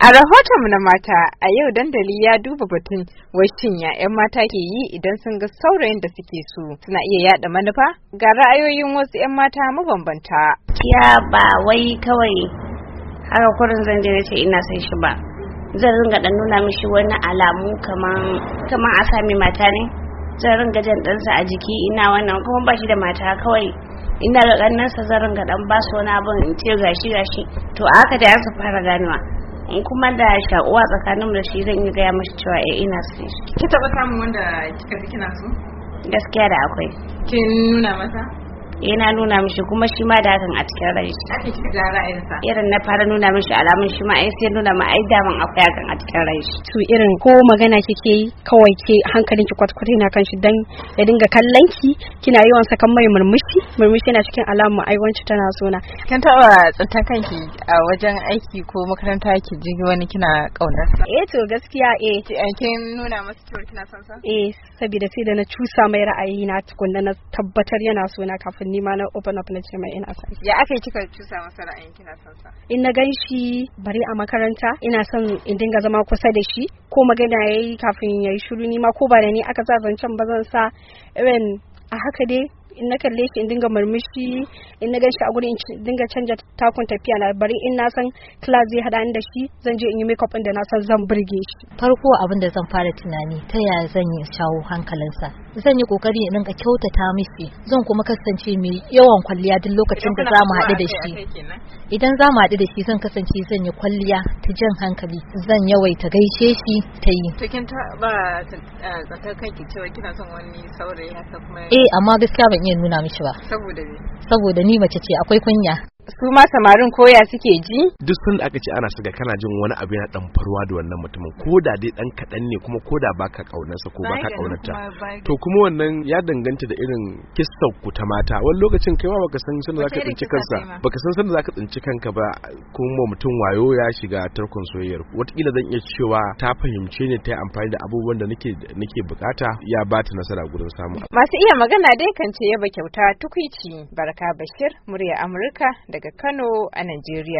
A rahoton na mata a yau dandali ya duba batun washin ya 'yan mata ke yi idan sun ga saurayin da suke so suna iya yada manufa ga ra'ayoyin wasu 'yan mata mabambanta. Ya ba wai kawai haka kurin zan je ce ina son shi ba. Zan ringa dan nuna mishi wani alamu kaman kaman a sami mata ne. Zan ringa jan ɗansa a jiki ina wannan kuma ba shi da mata kawai ina ga ƙannansa zan ringa dan ba wani abin in ce gashi gashi to a haka da ya fara ganewa. in kuma da tsakanin mu da shi zan yi gaya mashi cewa eh ina so ki taba samun wanda kika fi kina so gaskiya da akwai kin nuna masa eh na nuna mishi kuma shi ma da hakan a cikin rai shi irin na fara nuna mishi alamun shi ma ai sai nuna ma ai daman akwai hakan a cikin rai shi to irin ko magana kike yi kawai ke hankalin ki kwatkwata na kan shi dan ya dinga kallon ki kina yawan sakan mai murmushi murmushi yana cikin alamun ai wancin tana so na kin taba tsantan kanki a wajen aiki ko makaranta ki ji wani kina kaunar sa eh to gaskiya eh. eh kin nuna masa cewa kina son sa eh saboda sai da na cusa mai ra'ayi na tukunna na tabbatar yana so na kafin ni ma na open up na ce mai ina son ya aka yi kika cusa masa kina son sa in na gan shi bari a makaranta ina son in dinga zama kusa da shi ko magana yayi kafin yayi shiru ni ma ko ba da ni aka sa zancen ba zan sa irin a haka dai in na kalle shi in dinga murmushi in na gan shi a gurin in dinga canja takun tafiya na bari in na san class zai hada ni da shi zan je in yi makeup din da na san zan burge shi farko abin da zan fara tunani ta yaya zan yi shawo hankalinsa zan yi kokari in dinga kyautata mishi zan kuma kasance mai yawan kwalliya duk lokacin da zamu haɗu da shi idan zamu haɗu da shi zan kasance zan yi kwalliya ta jan hankali zan yawaita gaishe shi ta yi cikin ta ba eh, kanki cewa kina son wani saurayi haka kuma eh amma gaskiya ban ya nuna mishi ba saboda ni mace ce akwai kunya su ma samarin koya suke ji duk sun aka ce ana shiga kana jin wani abu yana dan farwa da wannan mutumin ko da dai dan kadan ne kuma ko da baka kaunarsa ko baka kaunarta to kuma wannan ya danganta da irin kissar ku ta mata wani lokacin kai ma baka san sanda zaka tsinci kansa baka san sanda zaka tsinci kanka ba kuma mutum wayo ya shiga tarkon soyayyar watakila zan iya cewa ta fahimce ne ta yi amfani da abubuwan da nake nake bukata ya ba ta nasara gurin samu masu iya magana dai kan ce yaba kyauta tukwici barka bashir murya amurka da daga Kano a Najeriya.